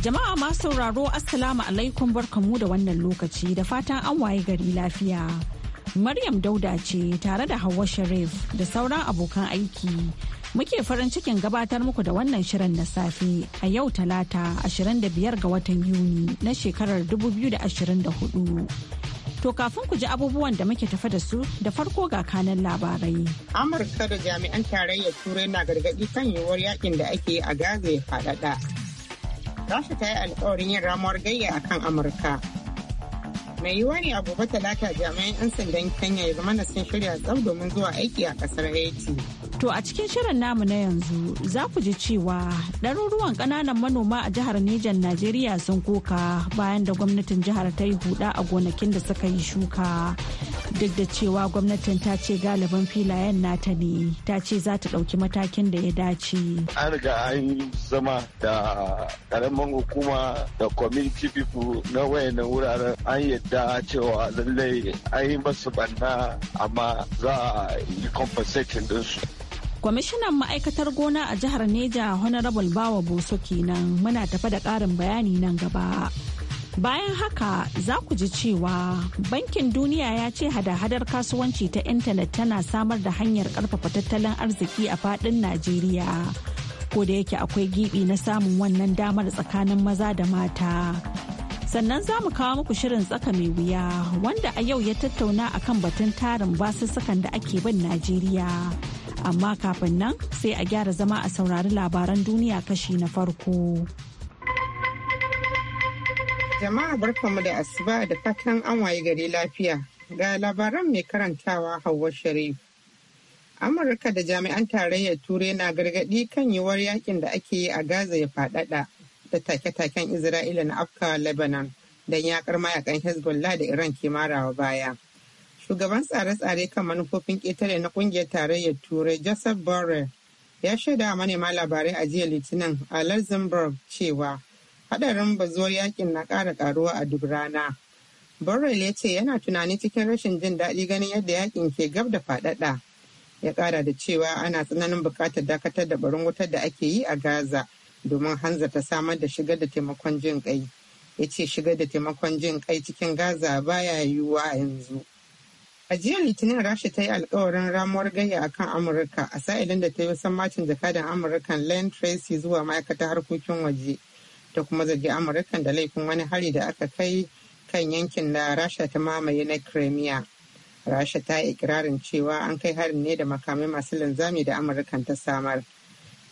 Jama'a masu sauraro Assalamu alaikum barkamu da wannan lokaci da fatan an waye gari lafiya. Maryam Dauda ce tare da Hauwa Sharif da sauran abokan aiki. Muke farin cikin gabatar muku da wannan shirin na safe a yau talata 25 ga watan Yuni na shekarar 2024. To kafin ku ji abubuwan da muke tafa da su da farko ga kanan labarai. Amurka da jami'an tarayyar turai na gargaɗi kan yiwuwar yakin da ake a Gaza ya faɗaɗa. su ta yi alkawarin yin ramuwar gayya a kan amurka mai yiwuwa ne a gobe talata jami'an 'yan sandan kenya ya zama sun shirya tsau domin zuwa aiki a kasar haiti To a cikin shirin namu na yanzu za ku ji cewa ɗaruruwan ƙananan manoma a jihar Nijar Najeriya sun koka bayan da gwamnatin jihar ta yi huda a gonakin da suka yi shuka. duk da cewa gwamnatin ta ce galibin filayen nata ne ta ce za ta ɗauki matakin da ya dace an riga an zama da karamin hukuma da community people na wayannan wuraren an yadda cewa lallai an yi masu banna amma za a yi compensating dinsu kwamishinan ma'aikatar gona a jihar neja honorable bawa boso kenan muna tafa da ƙarin bayani nan gaba Bayan haka za ku ji cewa Bankin Duniya ya ce hada-hadar kasuwanci ta intanet tana samar da hanyar karfafa tattalin arziki a fadin Najeriya. Ko da yake akwai gibi na samun wannan damar tsakanin maza da mata. Sannan za mu kawo muku shirin tsaka mai wuya wanda a yau ya tattauna a kan batun tarin basussukan da ake bin Najeriya. Amma kafin nan sai a gyara zama a saurari labaran duniya kashi na farko. Jama'a barkanmu da asuba da fatan an waye gari lafiya ga labaran mai karantawa Hauwa Sharif. Amurka da jami'an tarayyar Turai na gargadi kan yiwuwar yakin da ake yi a Gaza ya faɗaɗa da take-taken Isra'ila na afkawa Lebanon don yakar mayakan Hezbollah da Iran ke marawa baya. Shugaban tsare-tsare kan manufofin ƙetare na ƙungiyar tarayyar Turai Joseph Borrell ya shaida manema labarai a jiya Litinin a Luxembourg cewa hadarin bazuwar yakin na ƙara karuwa a duk rana. Borrell ya ce yana tunani cikin rashin jin daɗi ganin yadda yakin ke gab da faɗaɗa. Ya ƙara da cewa ana tsananin buƙatar dakatar da barin wutar da ake yi a Gaza domin hanza ta samar da shigar da taimakon jin ƙai. Ya ce shigar da taimakon jin ƙai cikin Gaza baya yiwuwa yanzu. A jiya Litinin Rasha ta yi alkawarin ramuwar gayya a kan Amurka a sa'ilin da ta yi wasan macin jakadan Amurkan Len Tracy zuwa ma'aikatar harkokin waje. ta kuma zargi amurkan da laifin wani hari da aka kai kan yankin da rasha ta mamaye na crimea rasha ta yi ikirarin cewa an kai harin ne da makamai masu linzami da amurkan ta samar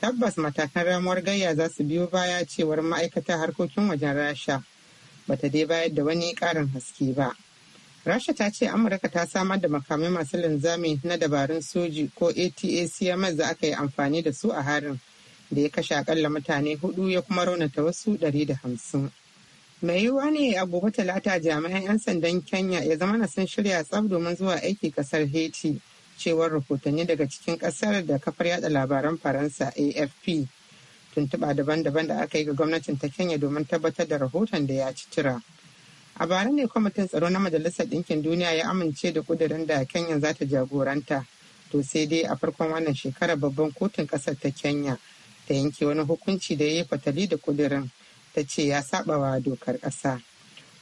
tabbas matakan ramuwar gayya za su biyo baya cewar ma'aikata harkokin wajen rasha bata dai bayar da wani karin haske ba rasha ta ce amurka ta samar da makamai masu linzami na dabarun soji ko atacms da aka yi amfani da su a harin da ya kashe akalla mutane hudu ya kuma raunata wasu ɗari da hamsin. mai yiwuwa ne a gobe talata jami'an 'yan sandan kenya ya zama na sun shirya tsaf domin zuwa aiki kasar haiti cewar rahotanni daga cikin kasar da kafar yada labaran faransa afp tuntuɓa daban-daban da aka yi ga gwamnatin ta kenya domin tabbatar da rahoton da ya ci tura. a bara ne kwamitin tsaro na majalisar ɗinkin duniya ya amince da kudirin da kenya za ta jagoranta to sai dai a farkon wannan shekarar babban kotun ƙasar ta kenya ta yanke wani hukunci da ya yi fatali da kudirin ta ce ya wa dokar ƙasa.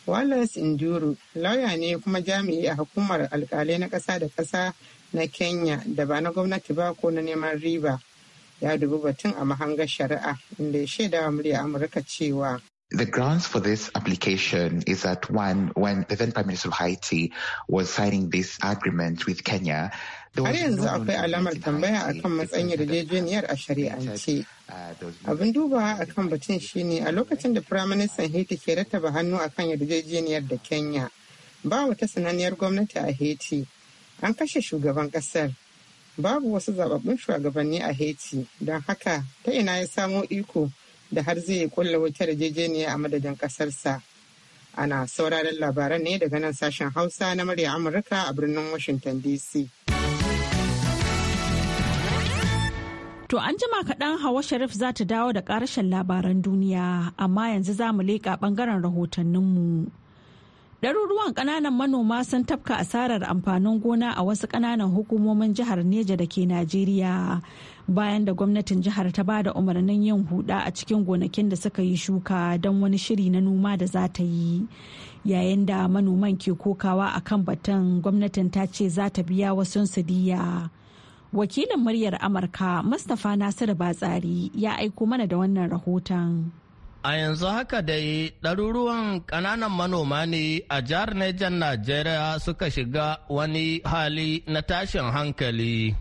Wallace Induru lauya ne kuma jami'i a hukumar alkalai na ƙasa da ƙasa na Kenya da ba na gwamnati ba ko na neman riba. Ya dubi batun a mahangar shari'a inda ya shaida wa murya Amurka cewa The grounds for this application is that one, when the then Prime Minister of Haiti was signing this agreement with Kenya, Har yanzu akwai alamar tambaya akan matsayin yarjejeniyar a shari'ance. Uh, Abin duba akan batun shine a lokacin da Firaministan Haiti ke rattaba hannu akan yarjejeniyar da Kenya. Ba wata sananniyar gwamnati a Haiti. An kashe shugaban kasar. Babu wasu zababbun shugabanni a Haiti. Don haka ta ina ya samo iko da har zai kulla wata yarjejeniya a madadin kasarsa Ana sauraron labaran ne daga nan sashen Hausa na murya Amurka a birnin Washington DC. To an jima kaɗan Hawa Sharif za ta dawo da ƙarashen labaran duniya, amma yanzu za mu leƙa ɓangaren rahotanninmu. Ɗaruruwan ƙananan manoma sun tafka asarar amfanin gona a wasu ƙananan hukumomin jihar Neja da ke Najeriya bayan da gwamnatin jihar ta bada umarnin yin huda a cikin gonakin da suka yi shuka don wani shiri na noma da za ta yi yayin da manoman ke kokawa a kan batun gwamnatin ta ce za ta biya wasu sadiya wakilin muryar amurka mustapha nasiru batsari ya aiko mana da wannan rahoton A yanzu haka dai ɗaruruwan ƙananan manoma ne a jihar Nijar Najeriya suka shiga wani hali na tashin hankali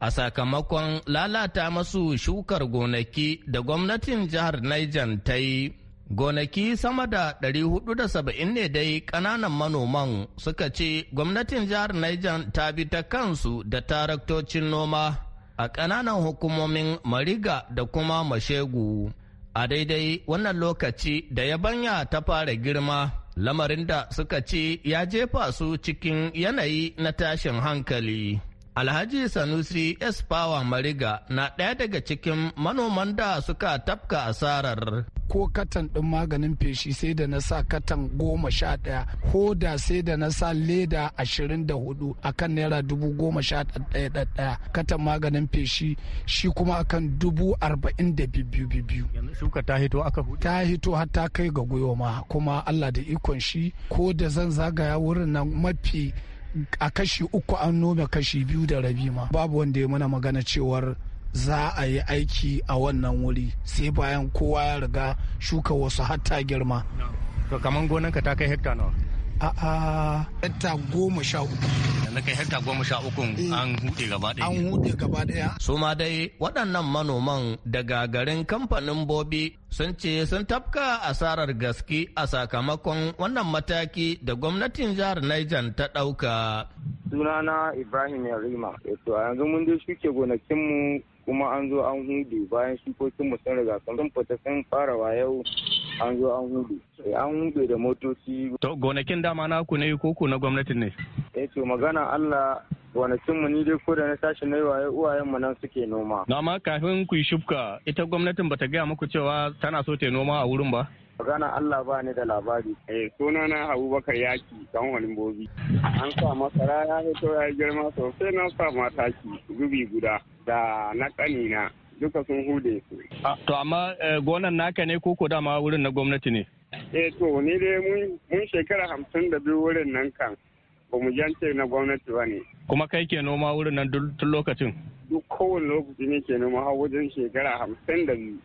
a sakamakon lalata masu shukar gonaki da gwamnatin jihar Niger ta yi. Gonaki sama da 470 ne dai ƙananan manoman suka ce gwamnatin jihar Niger ta bi ta kansu da taraktocin noma a ƙananan hukumomin Mariga da kuma Mashegu. A daidai wannan lokaci da yabanya ta fara girma. lamarin da suka ce ya jefa su cikin yanayi na tashin hankali. Alhaji Sanusi S. Power Mariga na ɗaya daga cikin manoman da suka tafka asarar. Ko katan ɗin maganin feshi sai da na sa katan goma sha ɗaya, da sai da na sa leda ashirin da hudu a kan naira dubu goma sha ɗaya ɗaya, katan maganin feshi shi kuma a kan dubu arba'in da biyu biyu. shuka ta hito aka hudu? Ta hito har ta kai ga gwiwa ma, kuma Allah da ikon shi ko da zan zagaya wurin nan mafi a kashi uku an nome kashi biyu da rabi ma babu wanda ya mana magana cewar za a yi aiki a wannan wuri sai bayan kowa ya riga shuka wasu hatta girma to kaman gonanka ta kai hekta nawa A'a. Hekta goma sha uku. Na kai hekta goma sha uku eh. an hude gaba ɗaya. An hude gaba ɗaya. Su ma dai waɗannan manoman daga garin kamfanin Bobi sun ce sun tafka asarar gaske a sakamakon wannan mataki da gwamnatin jihar Niger ta ɗauka. Sunana Ibrahim Yarima. Yato a yanzu mun je shuke gonakinmu kuma an zo an hude bayan shukokin mu sun riga sun fita sun fara yau an zo an hude eh, an hude da motoci to gonakin dama naku ne ko ku na gwamnatin ne eh to magana Allah gonakin mu ni dai ko da na tashi na waye uwayen mu nan suke noma na ma kafin ku yi shufka ita gwamnatin bata gaya muku cewa tana so ta noma a wurin ba magana Allah ba ni da labari. Eh suna na Abubakar Yaki dan wani bobi. An sa masara ya fito ya girma sosai na sa mataki gubi guda. da na ƙanina duka sun hude su. Ah, to amma eh, gonan naka ne koko dama wurin na gwamnati ne? Eh to ni dai mun shekara hamsin da biyu wurin nan kan ba mu jance na gwamnati ba ne. Kuma kai ke noma wurin nan tun lokacin? duk kowane lokaci ne ke har wajen shekara hamsin da biyu.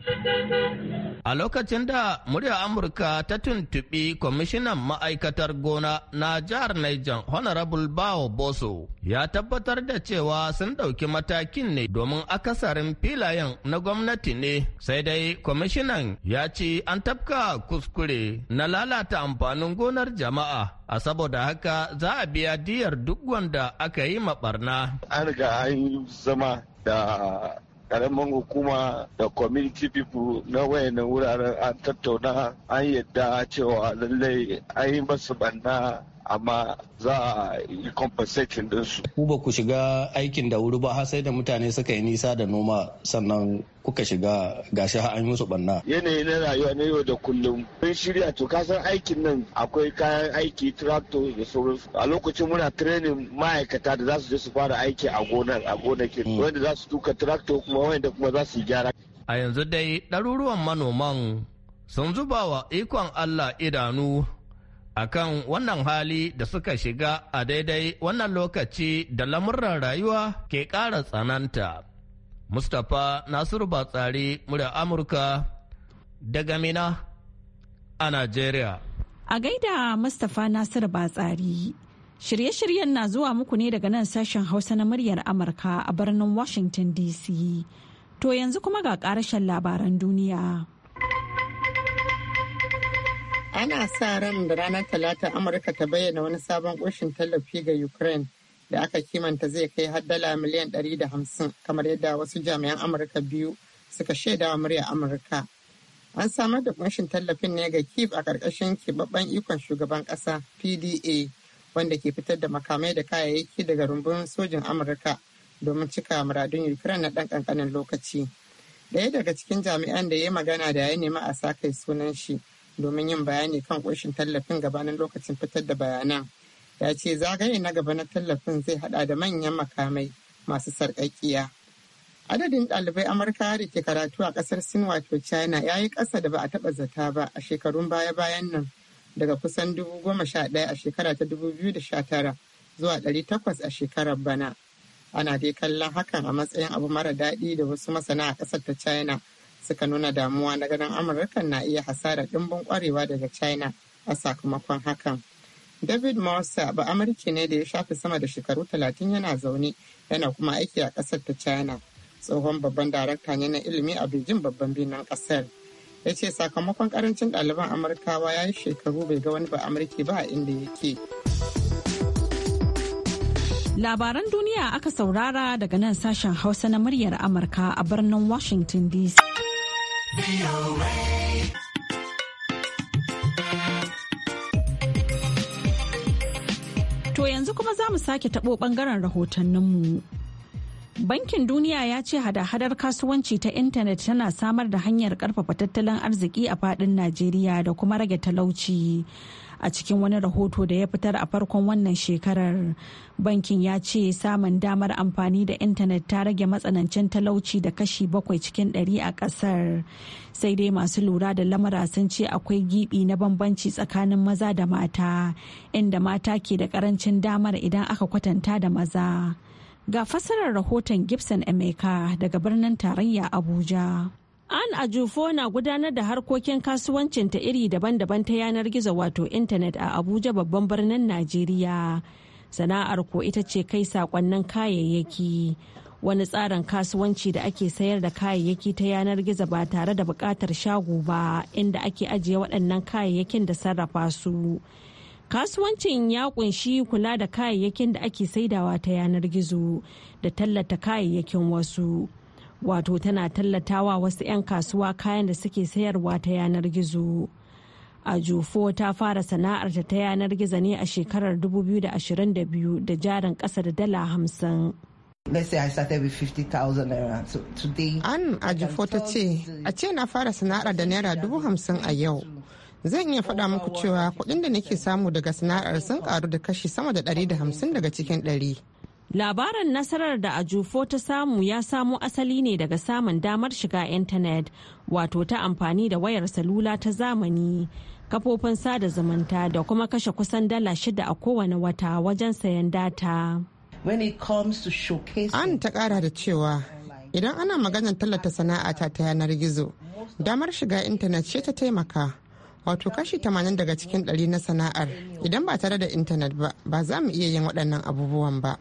A lokacin da muryar Amurka ta tuntuɓi kwamishinan ma'aikatar gona na jihar Niger Honorable Bawo Boso ya tabbatar da cewa sun ɗauki matakin ne domin akasarin filayen na gwamnati ne sai dai kwamishinan ya ce an tafka kuskure na lalata amfanin gonar jama'a a saboda haka za a biya diyar duk wanda aka yi maɓarna. An riga an zama da karamin hukuma da community people na wayannan wuraren an tattauna an yadda cewa lallai an yi masu banna amma za a yi compensating dinsu Ku ba ku shiga aikin da wuri ba har sai da mutane suka yi nisa da noma sannan kuka shiga gashi har an yi musu banna. Yanayi na rayuwa na yau da kullum. Mun shirya to ka san aikin nan akwai kayan aiki tractor da sauransu. A lokacin muna training ma'aikata da za su je su fara aiki a gonar a gonakin. Mm. Wanda za su tuka tractor kuma wanda kuma za su yi gyara. A yanzu dai ɗaruruwan manoman sun zuba wa ikon Allah idanu akan wannan hali da suka shiga a daidai wannan lokaci da lamurran rayuwa ke ƙara tsananta. Mustapha Nasiru Batsari murya Amurka daga Mina a Najeriya. A gaida Mustapha Nasiru Batsari. Shirye-shiryen na zuwa muku ne daga nan sashen Hausa na muryar Amurka a birnin Washington DC. To yanzu kuma ga ƙarashen labaran duniya. ana sa ran da ranar talata amurka ta bayyana wani sabon ƙunshin tallafi ga ukraine da aka kimanta zai kai har dala miliyan 150 kamar yadda wasu jami'an amurka biyu suka shaida wa murya amurka an samar da ƙunshin tallafin ne ga kif a ƙarƙashin keɓaɓɓen ikon shugaban ƙasa pda wanda ke fitar da makamai da kayayyaki daga rumbun sojin amurka domin cika muradun ukraine na ɗan ƙanƙanin lokaci ɗaya daga cikin jami'an da ya magana da ya nemi a sa kai sunan shi domin yin bayani kan ƙunshin tallafin gabanin lokacin fitar da bayanan ya ce zagaye na gaba na tallafin zai hada da manyan makamai masu sarƙaƙiya adadin ɗalibai amurka da ke karatu a ƙasar sin wato china ya yi ƙasa da ba a taɓa zata ba a shekarun baya-bayan nan daga kusan dubu goma sha ɗaya a shekara ta dubu biyu da sha tara zuwa ɗari takwas a shekarar bana ana dai kallon hakan a matsayin abu mara daɗi da wasu masana a ƙasar ta china suka nuna damuwa na ganin amurka na iya hasara dimbin kwarewa daga china a sakamakon hakan david morsa ba amurki ne da ya shafe sama da shekaru talatin yana zaune yana kuma aiki a kasar ta china tsohon babban darakta ne na ilimi a beijing babban birnin kasar ya ce sakamakon karancin ɗaliban amurkawa ya yi shekaru bai ga wani ba amurki ba a inda yake labaran duniya aka saurara daga nan sashen hausa na muryar amurka a birnin washington dc To yanzu kuma za mu sake taɓo ɓangaren rahotanninmu. Bankin Duniya ya ce hada-hadar kasuwanci ta intanet tana samar da hanyar ƙarfafa tattalin arziki a faɗin Najeriya da kuma rage talauci. a cikin wani rahoto da ya fitar a farkon wannan shekarar bankin ya ce samun damar amfani da intanet ta rage matsanancin talauci da kashi bakwai cikin ɗari a ƙasar sai dai masu lura da lamura sun ce akwai gibi na bambanci tsakanin maza da mata inda mata ke da ƙarancin damar idan aka kwatanta da maza ga fasarar rahoton gibson emeka daga birnin tarayya abuja An Ajufo na gudanar da harkokin kasuwancinta iri daban-daban ta yanar gizo wato intanet a Abuja babban birnin Najeriya. Sana'ar ko ita ce kai sakonnin kayayyaki. Wani tsarin kasuwanci da ake sayar da kayayyaki ta yanar gizo ba tare da buƙatar shago ba inda ake ajiye waɗannan kayayyakin da sarrafa su. Kasuwancin ya kunshi kula da kayayyakin da ake saidawa ta yanar gizo da tallata kayayyakin wasu. wato tana tallatawa wasu 'yan kasuwa kayan da suke sayarwa ta yanar gizo a jufo ta fara sana'arta ta yanar gizo ne a shekarar 2022 da jarin ƙasa da dala hamsin. ta ce, a ce na fara sana'ar da naira dubu hamsin a yau. Zan iya faɗa muku cewa kuɗin da nake samu daga sana'ar sun ƙaru da kashi sama da ɗari da hamsin daga cikin ɗari. labarin nasarar da Ajufo ta samu ya samo asali ne daga samun damar shiga intanet wato ta amfani da wayar salula ta zamani, kafofin sada zumunta da kuma kashe kusan dala shida a kowane wata wajen sayan data. An ta kara da cewa idan ana maganar tallata sana'a ta ta yanar gizo, damar shiga intanet ce ta taimaka. wato kashi tamanin daga cikin 100 na sana'ar idan ba tare da intanet ba ba za mu iya yin waɗannan abubuwan ba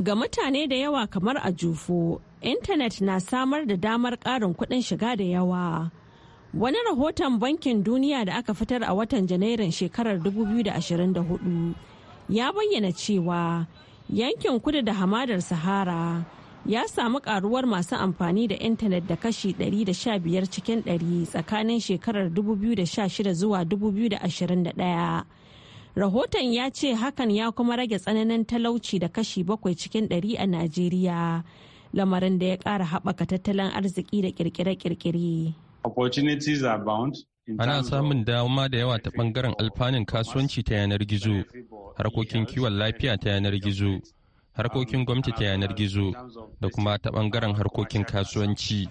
Ga mutane da yawa kamar a jufo, intanet na samar da damar ƙarin kuɗin shiga da yawa. Wani rahoton Bankin Duniya da aka fitar a watan Janairun shekarar 2024 ya bayyana cewa yankin kudu da hamadar Sahara ya samu karuwar masu amfani da intanet da kashi 115 cikin 100 tsakanin shekarar 2016 zuwa 2021. Rahoton ya ce hakan ya kuma rage tsananin talauci da kashi bakwai cikin ɗari a Najeriya, lamarin da ya ƙara haɓaka tattalin arziki da ƙirƙire kirkire Ana samun dama da yawa ta ɓangaren alfanun kasuwanci ta yanar gizo, harkokin kiwon lafiya ta yanar gizo, harkokin gwamnati ta yanar gizo, da kuma ta bangaren harkokin kasuwanci.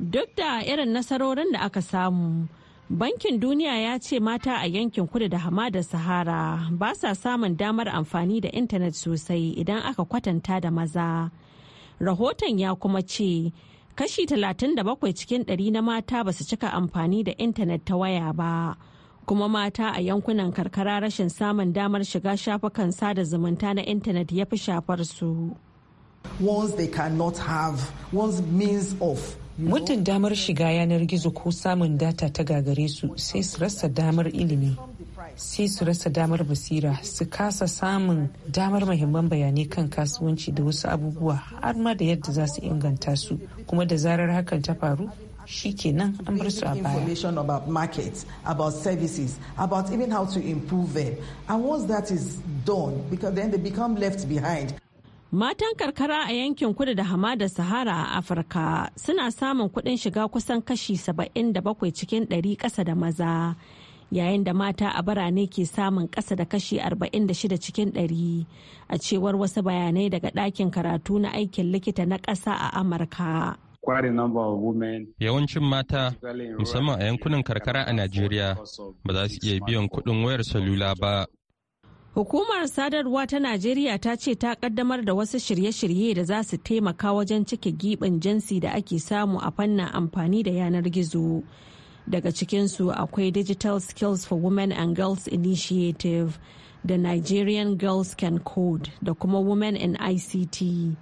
Duk da irin nasarorin da aka samu. Bankin Duniya ya ce mata a yankin kudu da hamadar Sahara ba sa samun damar amfani da intanet sosai idan aka kwatanta da maza. Rahoton ya kuma ce kashi 37 cikin ɗari na mata ba su cika amfani da intanet ta waya ba. Kuma mata a yankunan karkara rashin samun damar shiga shafukan sada zumunta na intanet ya fi shafar su. Once they cannot have, once means of muddin damar shiga yanar gizo ko samun data ta gagare su sai su rasa damar ilimi sai su rasa damar basira su kasa samun damar mahimman bayanai kan kasuwanci da wasu abubuwa har ma da yadda za su inganta su kuma da zarar hakan ta faru shikenan an bar su a baya. done, because then they left behind. Matan karkara a yankin kudu da hamada Sahara a Afirka suna samun kudin shiga kusan kashi 77 cikin 100 kasa da maza, yayin da mata a birane ke samun ƙasa da kashi 46 cikin 100 a cewar wasu bayanai daga ɗakin karatu na aikin likita na ƙasa a Amurka. Yawancin mata, musamman a yankunan karkara a Najeriya, ba za su iya biyan kuɗin wayar salula ba Hukumar sadarwa ta Najeriya ta ce ta kaddamar da wasu shirye-shirye da za su taimaka wajen cike giɓin jinsi da ake samu a fannin amfani da yanar gizo. Daga cikinsu akwai Digital Skills for Women and Girls Initiative da Nigerian Girls Can Code da kuma Women in ICT.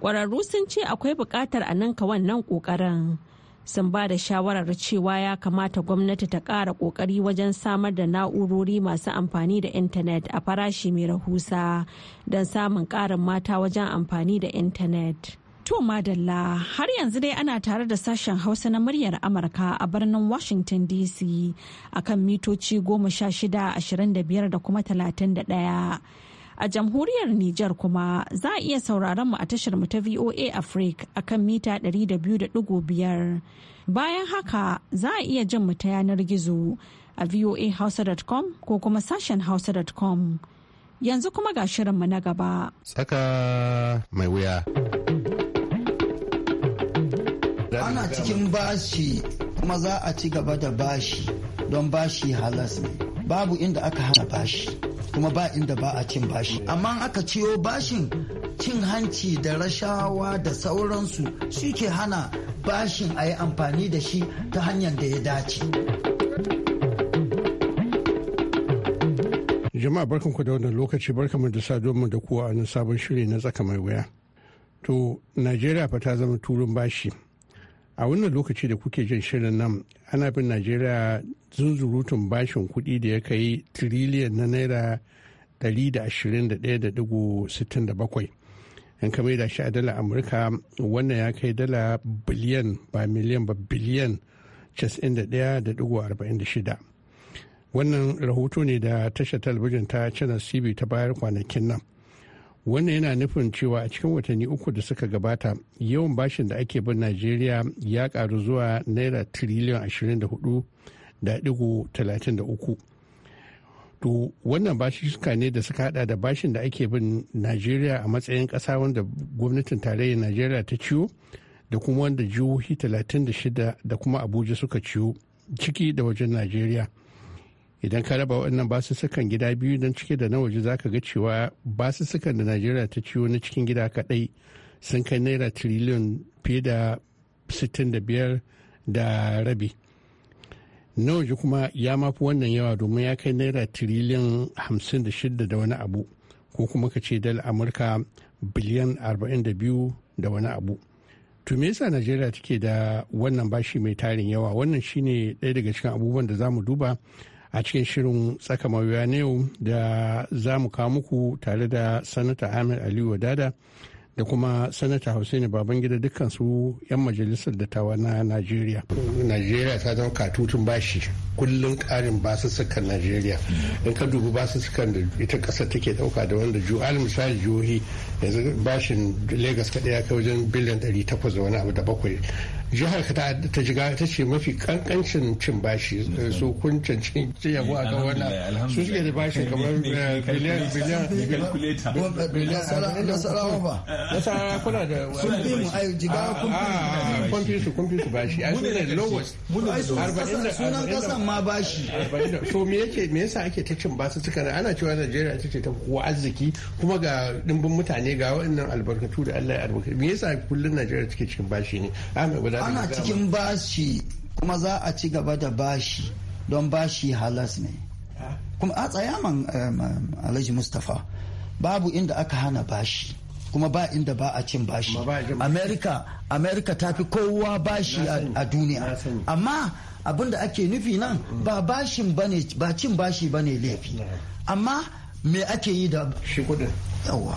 Ƙwararru sun ce akwai buƙatar a ninka wannan ƙoƙarin. sun ba da shawarar cewa ya kamata gwamnati ta ƙara ƙoƙari wajen samar da na'urori masu amfani da intanet a farashi mai rahusa don samun ƙarin mata wajen amfani da intanet. To madalla har yanzu dai ana tare da sashen hausa na muryar Amurka a birnin Washington DC akan mitoci goma sha shida ashirin da biyar da kuma talatin da ɗaya. A jamhuriyar Nijar kuma za a iya sauraron mu a tashar mu ta VOA Africa a kan mita 200.5. Bayan haka za a iya jin mu ta yanar gizo a voahausa.com ko kuma sashen hausa.com. Yanzu kuma ga mu na gaba. Tsaka mai wuya. Ana cikin bashi kuma za a ci gaba da bashi don bashi halas ne. babu inda aka hana bashi kuma ba inda ba a cin bashi amma aka ciyo bashin cin hanci da rashawa da sauransu suke hana bashin a yi amfani da shi ta hanyar da ya dace jama'a barkanku da wannan lokaci barkanmu da saduwa da kuwa a sabon shiri na tsaka mai wuya to najeriya fa ta zama turin bashi a wannan lokaci da kuke jin shirin nan ana bin najeriya zunzurutun bashin kuɗi da ya kai tiriliyan na naira 121.67 in kamar da shi a dala amurka wannan ya kai dala biliyan ba miliyan ba biliyan 91.46 wannan rahoto ne da tashar talabijin ta channel cb ta bayar kwanakin nan wannan yana nufin cewa a cikin watanni uku da suka gabata yawan bashin da ake bin najeriya ya karu zuwa naira tiriliyan 24.33 da to wannan bashi suka ne da suka hada da bashin da ake bin najeriya a matsayin kasa wanda gwamnatin tarayyar najeriya ta ciwo da kuma wanda jihohi 36 da kuma abuja suka ciwo ciki da wajen najeriya idan ka raba waɗannan basussukan gida biyu don cike da na waje zaka ga cewa basussukan da najeriya ta ciwo na cikin gida kaɗai sun kai naira tiriliyon fiye da 65 da rabi na waje kuma ya mafi wannan yawa domin ya kai naira tiriliyon 56 da wani abu ko kuma ka ce dala amurka biliyan 42 da wani abu to me yasa najeriya take da wannan bashi mai tarin yawa wannan shine ɗaya daga cikin abubuwan da za mu duba a cikin shirin tsaka mawuya na yau da za mu kawo muku tare da sanata ahmed aliyu wadada da kuma sanata hussaini babangida dukkansu 'yan majalisar dattawa na najeriya najeriya ta zama katutun bashi kullum karin basussukan najeriya in ka dubi basussukan da ita kasa take dauka da wanda ju al misali jihohi yanzu bashin lagos kaɗai ya kai wajen biliyan 800 da wani abu da bakwai jihar ta jiga ta ce mafi kankancin cin bashi su kun canci yawo a kan wannan su suke da bashi kamar biliyan biliyan biliyan da sarawa ba nasarawa kuna da sun bi mu ayo jiga kun da su kun fi da bashi ai sune da lowest arba'in da sunan kasan ma bashi so me yasa ake ta cin basu ana cewa Najeriya ita ce ta kowa arziki kuma ga dimbin mutane ga waɗannan albarkatu da Allah ya albarkatu me yasa kullun Najeriya take cikin bashi ne Ahmed ana cikin bashi kuma za a ci gaba da bashi don bashi halas ne kuma a tsayaman alhaji mustapha babu inda aka hana bashi kuma ba inda ba a cin bashi amerika amerika ta fi kowa bashi a duniya amma abinda ake nufi nan mm. ba bashin bane ba cin bashi bane laifi amma me ake yi da shi kudin yawa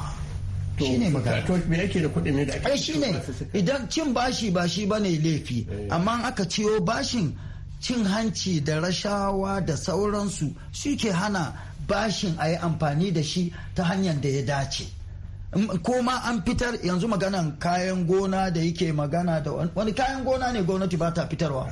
shine magana to me yake da kuɗin ne da shine idan cin bashi ba shi bane laifi eh. amma aka ciyo bashin cin hanci da rashawa da sauransu suke hana bashin a yi amfani da shi ta hanyar da ya dace ko ma an fitar yanzu maganan kayan gona da yake magana da wani kayan gona ne gwamnati ba ta fitarwa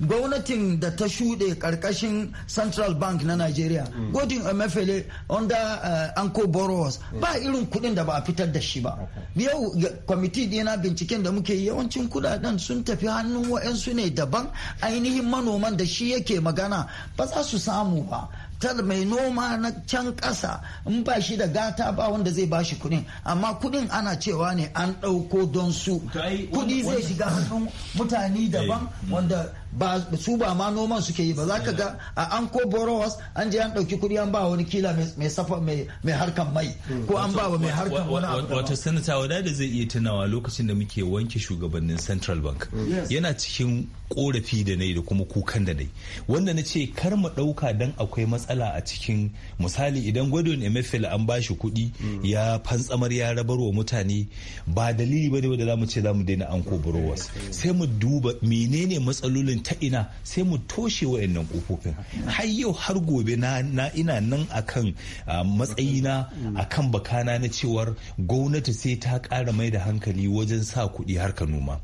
gwamnatin da ta shuɗe ƙarƙashin central bank na nigeria mm. godin emefele under eh, anko borrowers mm. ba irin kuɗin da ba a fitar da shi ba yau kwamiti ɗina binciken da muke yawancin kudaden sun tafi hannun waɗansu ne daban ainihin manoman da shi yake magana ba za su samu ba tar mai noma na can ƙasa in ba shi da gata ba wanda zai ba shi kuɗin amma kuɗin ana cewa ne an ɗauko don su kuɗi zai shiga hannun mutane daban eh. mm. wanda ba su ba ma noman suke yi ba za ka eh. ga a an ko borowas an je an ɗauki kuɗi an ba wani kila mai safa mai harkan mai hmm. ko an ba wa mai harkan wani abu wato sanata da zai iya tunawa lokacin da muke wanke shugabannin central bank hmm. yana cikin korafi da nai da kuma kukan da nai wanda na ce kar mu ɗauka dan akwai matsala a cikin misali idan gwadon mfl an ba shi kuɗi hmm. ya fantsamar ya rabar wa mutane ba dalili ba ne wanda za mu ce za daina an ko borowas sai mu duba menene matsalolin wurin ta ina sai mu toshe wayannan kofofin har yau har gobe na ina nan akan matsayina akan bakana na cewar gwamnati sai ta ƙara mai da hankali wajen sa kuɗi harka noma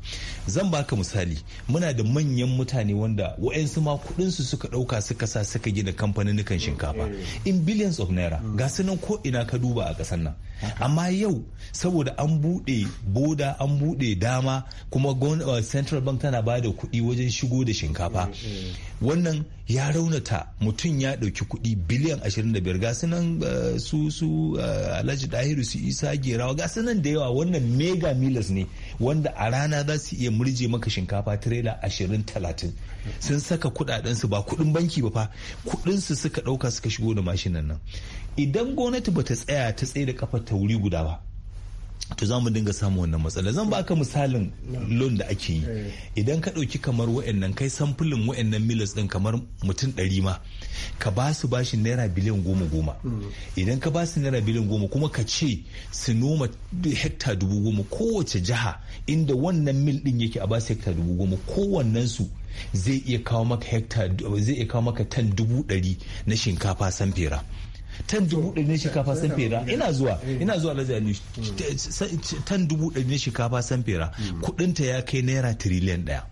zan baka misali muna da manyan mutane wanda wayansu ma kuɗinsu suka ɗauka suka sa suka gina kamfanin shinkafa in billions of naira mm. ga su nan ko ina ka duba a ƙasar nan amma yau saboda an buɗe boda an buɗe dama kuma uh, central bank tana ba da kuɗi wajen shigo da shinkafa wannan ya raunata mutum ya ɗauki kuɗi biliyan 25 ga nan eh, su su eh, alhaji dahiru su isa gerawa ga nan da yawa wannan mega milas ne wanda a rana za su iya murje maka shinkafa tirela ashirin talatin. sun saka su ba kuɗin banki ba fa su suka ɗauka suka shigo da mashinan nan idan gwamnati bata tsaya ta tsaye da kafa ta wuri guda ba to za mu dinga samun wannan matsala zan baka misalin loan da ake yi eh. idan ka ɗauki kamar wa'annan kai samfulin wa'annan milas ɗin kamar mutum ɗari ma ka ba su bashi naira biliyan goma goma mm. idan ka ba su naira biliyan goma kuma ka ce su noma hekta dubu goma kowace jiha inda wannan mil ɗin yake a ba su hekta dubu goma kowannensu zai iya kawo maka hekta zai iya kawo maka tan dubu ɗari na shinkafa samfera tan dubu ɗari ne shinkafa san fera ina zuwa eh. ina zuwa alhaji tan dubu ɗari ne shinkafa san fera hmm. kuɗinta ya kai naira tiriliyan ɗaya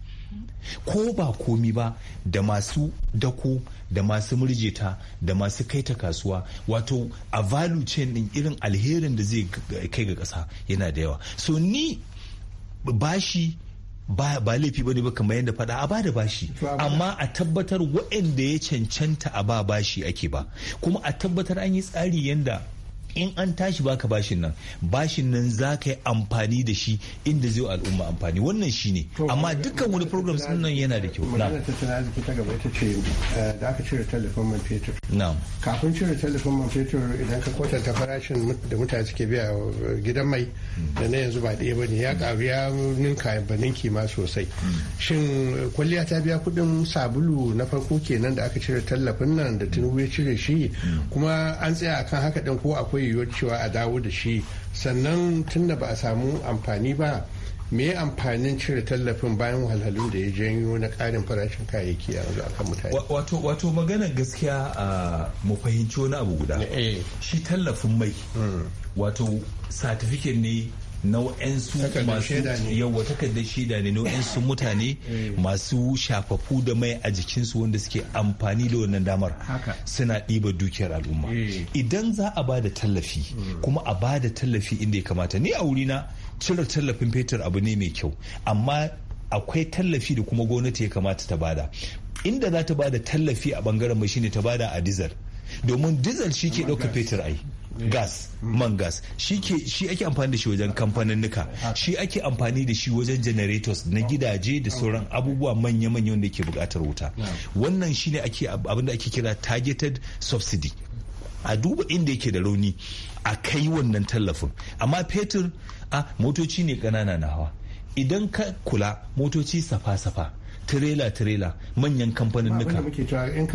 ko ba komi ba da masu dako da masu murjeta da masu kaita kasuwa wato a value chain din irin alherin da zai kai ga ƙasa yana da yawa so ni bashi ba ba laifi bane ba kamar yadda faɗa a ba da bashi amma a tabbatar waɗanda ya cancanta a ba bashi ake ba kuma a tabbatar an yi tsari yadda in an tashi baka bashin nan bashin nan za ka yi amfani da shi inda zai al'umma amfani wannan shi ne amma dukkan wani program sun nan yana da kyau na ta gaba ita ce eh, da aka cire tallafin man fetur kafin cire tallafin man fetur idan ka kwatanta farashin da mutane suke biya eh, gidan mai da na yanzu ba ɗaya ne ya karu ya ninka ba ninki ma sosai shin kwalliya ta biya kuɗin sabulu na farko kenan da aka cire tallafin nan da tunubu ya cire shi kuma an tsaya akan haka ɗin ko akwai yiwuwar cewa a dawo da shi sannan tun da ba a samu amfani ba me amfanin cire tallafin bayan wahalhalun da ya janyo na karin farashin kayayyaki a yanzu akan mutane wato wato magana gaskiya a mu fahimci wani abu guda eh. shi tallafin mai hmm. wato satifiket ne na wa'ansu masu yawa takardar shaida ne na mutane eh. masu shafafu da mai a jikinsu wanda suke amfani da wannan damar suna ɗiba dukiyar al'umma eh. idan za a ba da tallafi hmm. kuma a ba da tallafi inda ya kamata ni a wurina cire tallafin fetur abu ne mai kyau amma akwai tallafi da kuma gwamnati ya kamata ta bada inda za ta bada tallafi a bangaren mai shine ta bada a dizal domin dizal shi ke oh ɗauka fetur yi. gas man gas shi ke shi ake amfani da shi wajen kamfaninnika shi ake amfani da shi wajen generators na gidaje da sauran abubuwa manya-manya wanda ke buƙatar wuta wannan shine ake abin da ake kira targeted subsidy a duba inda yake da rauni a kai wannan tallafin amma fetur a motoci ne ƙanana na hawa idan ka kula motoci safa-safa tirela-tirela manyan kamfanin nuka. in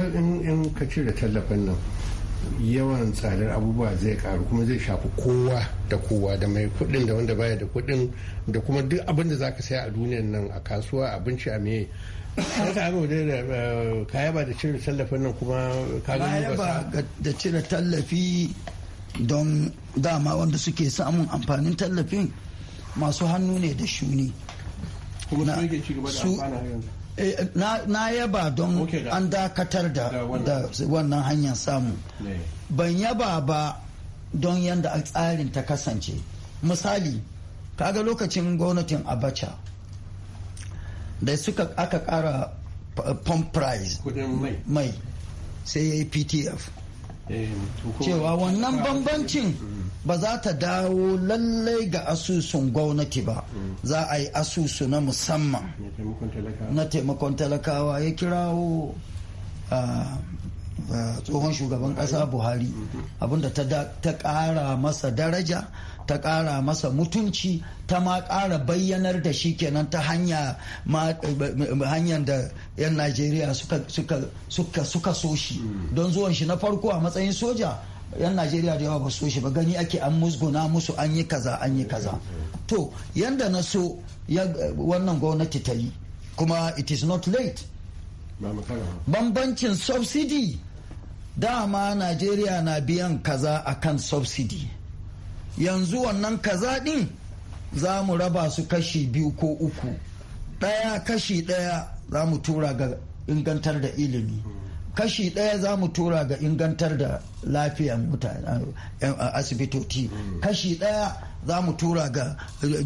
ka cire tallafin nan yawan tsadar abubuwa zai karu kuma zai shafi kowa da kowa da mai kuɗin da wanda baya da kuɗin da kuma duk abin da zaka saya a duniyar nan a kasuwa abinci a meye wata abu da eh, kaya ba da cire tallafin nan kuma ka gani ba da cire tallafi don dama wanda suke samun amfanin tallafin masu hannu ne da shuni Eh, na yaba don an dakatar da wannan hanyar samu ban yaba ba don yadda tsarin ta kasance misali kaga lokacin gwamnatin abacha da suka aka kara pump price mai sai ya yi ptf cewa wannan eh, bambancin ba za ta dawo lallai ga asusun gwamnati ba za a yi asusu na musamman na taimakon talakawa ya kirawo ah, tsohon shugaban kasa buhari abinda ta ƙara masa daraja ta ƙara masa mutunci ta ma ƙara bayyanar da shi kenan ta hanyar da 'yan najeriya suka so shi don zuwan shi na farko a matsayin soja 'yan najeriya da yawa ba so shi ba gani ake an musguna musu an yi kaza an yi kaza to yanda na so wannan gwamnati ta yi kuma it is not late bambancin subsidy dama najeriya na biyan kaza akan subsidy yanzu wannan kaza din za mu raba su kashi biyu ko uku ɗaya kashi ɗaya za mu tura ga ingantar da ilimi kashi ɗaya za mu tura ga ingantar da lafiyan mutane eh, asibitoci mm. kashi ɗaya za mu tura ga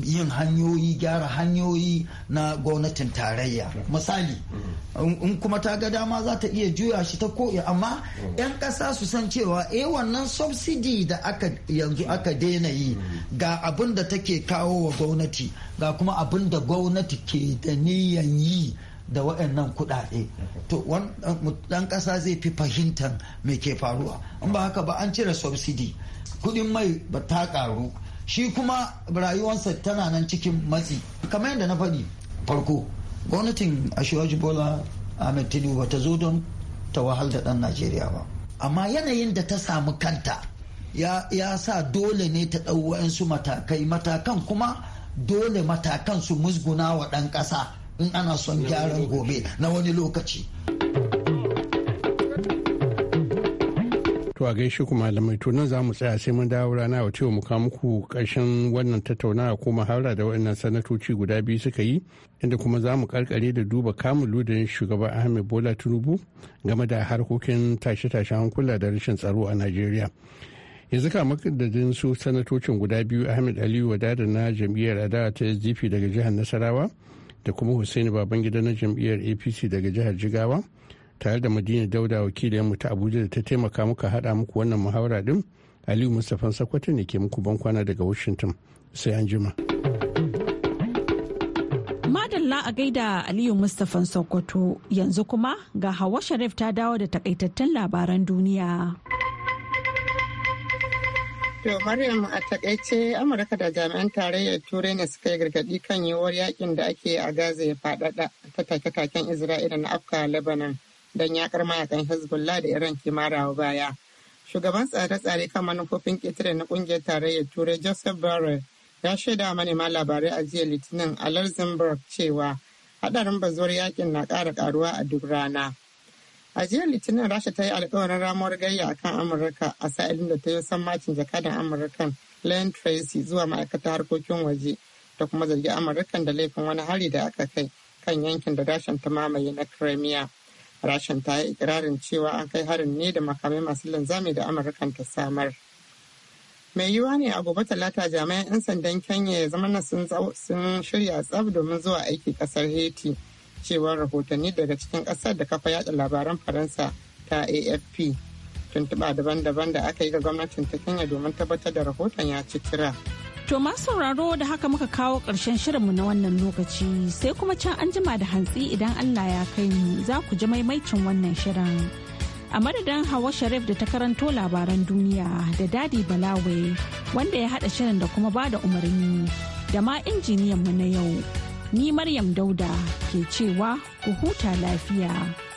yin hanyoyi gyara hanyoyi na gwamnatin tarayya misali in kuma ta ga dama za ta iya juya shi ta ko'ina amma 'yan kasa su san cewa eh wannan subsidi da aka yanzu aka daina yi ga abin da take kawo wa gwamnati ga kuma abin da gwamnati ke da niyan yi da waɗannan kuɗaɗe to ɗan ƙasa zai fi fahimtar me ke faruwa in ba haka ba an cire subsidi kuɗin mai ba ta ƙaru shi kuma rayuwarsa tana nan cikin matsi kamar yadda na faɗi farko gwamnatin ashiwaji bola ahmed tinubu ta zo don ta wahal da ɗan najeriya ba amma yanayin da ta samu kanta ya sa dole ne ta ɗau wa'yansu matakai matakan kuma dole matakan su musguna wa ɗan ƙasa in ana son gyaran gobe na wani lokaci. To a gaishe ku malamai to nan za mu tsaya sai mun dawo rana wa cewa mu kawo muku ƙarshen wannan tattaunawa ko muhawara da waɗannan sanatoci guda biyu suka yi inda kuma za mu karkare da duba kamun ludin shugaba Ahmed Bola Tinubu game da harkokin tashe-tashen hankula da rashin tsaro a Najeriya. Yanzu ka makadadin su sanatocin guda biyu Ahmed Aliyu Wadada na jam'iyyar adawa ta SDP daga jihar Nasarawa da kuma Hussaini Babangida na jam'iyyar APC daga jihar Jigawa. tare da madina dauda wakilin mu ta abuja da ta taimaka muka hada muku wannan muhawara din aliyu mustapha sakwato ne ke muku bankwana daga washington sai an jima madalla a gaida aliyu mustapha sokoto yanzu kuma ga hawa sharif ta dawo da takaitattun labaran duniya To Maryam a takaice Amurka da jami'an tarayyar Turai ne suka yi gargaɗi kan yiwuwar yakin da ake a Gaza ya faɗaɗa ta take-taken Isra'ila na Afka Lebanon. don yakar mayakan hezbollah da iran ke marawa baya shugaban tsare-tsare kan manufofin ƙetare na ƙungiyar tarayyar turai joseph barrel ya shaida manema labarai a jiya litinin a luxembourg cewa hadarin bazuwar yakin na ƙara karuwa a duk rana a jiya litinin rasha ta yi alkawarin ramuwar gayya a kan amurka a sa'ilin da ta yi sammacin jakadan amurkan len tracy zuwa ma'aikatar harkokin waje da kuma zargi amurkan da laifin wani hari da aka kai kan yankin da rashin ta mamaye na crimea rashin ta yi ikirarin cewa an kai harin ne da makamai masu linzami da amurkan ta samar mai yiwuwa ne a gobe talata jami'an 'yan sandan kenya ya zama na sun shirya tsab domin zuwa aiki kasar haiti cewar rahotanni daga cikin kasar da kafa yada labaran faransa ta afp tuntuɓa daban-daban da aka yi ga gwamnatin ta kenya domin tabbatar da rahoton ya ci kira. To masu sauraro da haka muka kawo ƙarshen shirinmu na wannan lokaci sai kuma can an jima da hantsi idan Allah ya kai mu za ku ji maimaicin wannan shirin. A madadin Hawa Sharif da ta karanto labaran duniya da Dadi Balawe wanda ya haɗa shirin da kuma ba da umarni da ma injiniyan mu na yau. Ni Maryam Dauda ke cewa ku huta lafiya.